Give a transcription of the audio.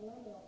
No, no.